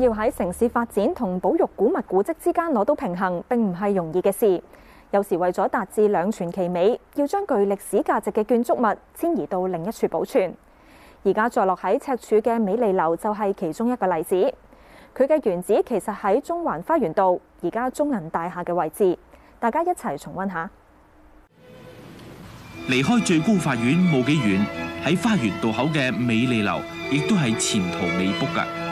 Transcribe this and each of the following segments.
要喺城市發展同保育古物古蹟之間攞到平衡，並唔係容易嘅事。有時為咗達至兩全其美，要將具歷史價值嘅建築物遷移到另一處保存。而家坐落喺赤柱嘅美利樓就係其中一個例子。佢嘅原址其實喺中環花園道，而家中銀大廈嘅位置。大家一齊重溫下。離開最高法院冇幾遠，喺花園道口嘅美利樓，亦都係前途未卜噶。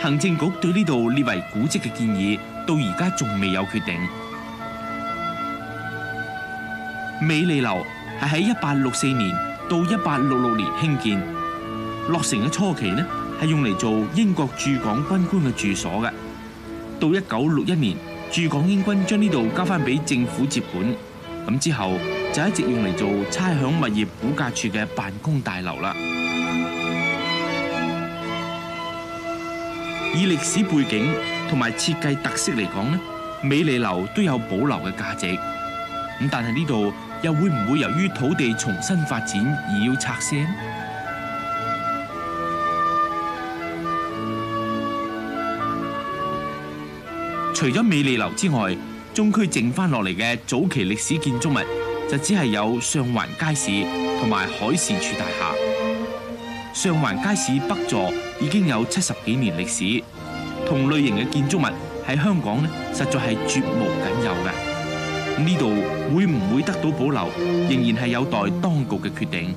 行政局對呢度列為古蹟嘅建議，到而家仲未有決定。美利樓係喺一八六四年到一八六六年興建，落成嘅初期呢，係用嚟做英國駐港軍官嘅住所嘅。到一九六一年，駐港英軍將呢度交翻俾政府接管，咁之後就一直用嚟做差餉物業估價處嘅辦公大樓啦。以歷史背景同埋設計特色嚟講呢，美利樓都有保留嘅價值。咁但係呢度又會唔會由於土地重新發展而要拆卸？ 除咗美利樓之外，中區剩翻落嚟嘅早期歷史建築物，就只係有上環街市同埋海事處大廈。上環街市北座已經有七十幾年歷史，同類型嘅建築物喺香港咧實在係絕無僅有嘅。咁呢度會唔會得到保留，仍然係有待當局嘅決定。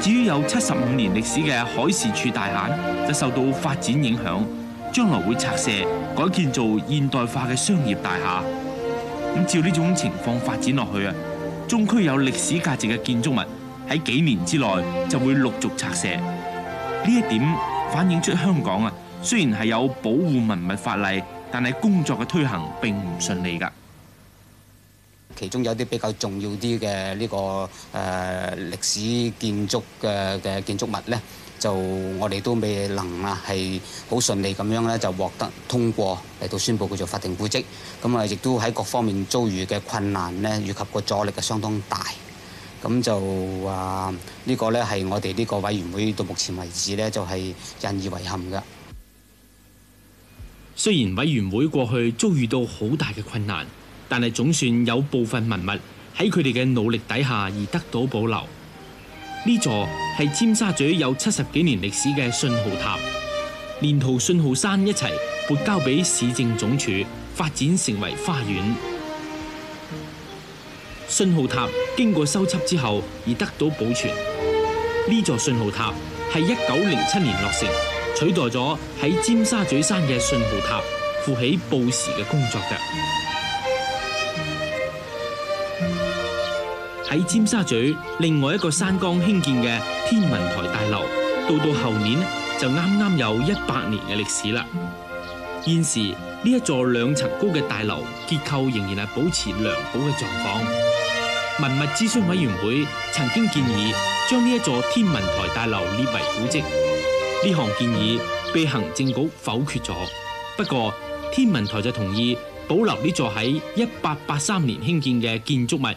至於有七十五年歷史嘅海事處大廈，就受到發展影響，將來會拆卸，改建做現代化嘅商業大廈。咁照呢種情況發展落去啊！中區有歷史價值嘅建築物喺幾年之內就會陸續拆卸，呢一點反映出香港啊，雖然係有保護文物法例，但係工作嘅推行並唔順利㗎。其中有啲比較重要啲嘅呢個誒歷史建築嘅嘅建築物呢，就我哋都未能啊，係好順利咁樣咧，就獲得通過嚟到宣布佢做法定古蹟。咁啊，亦都喺各方面遭遇嘅困難咧，以及個阻力啊相當大。咁就啊，呢個咧係我哋呢個委員會到目前為止咧，就係引以為憾嘅。雖然委員會過去遭遇到好大嘅困難，但係總算有部分文物喺佢哋嘅努力底下而得到保留。呢座係尖沙咀有七十幾年歷史嘅信號塔，連同信號山一齊撥交俾市政總署發展成為花園。信號塔經過修葺之後而得到保存。呢座信號塔係一九零七年落成，取代咗喺尖沙咀山嘅信號塔，負起報時嘅工作嘅。喺尖沙咀另外一個山崗興建嘅天文台大樓，到到後年就啱啱有一百年嘅歷史啦。現時呢一座兩層高嘅大樓，結構仍然係保持良好嘅狀況。文物諮詢委員會曾經建議將呢一座天文台大樓列為古蹟，呢項建議被行政局否決咗。不過天文台就同意保留呢座喺一八八三年興建嘅建築物。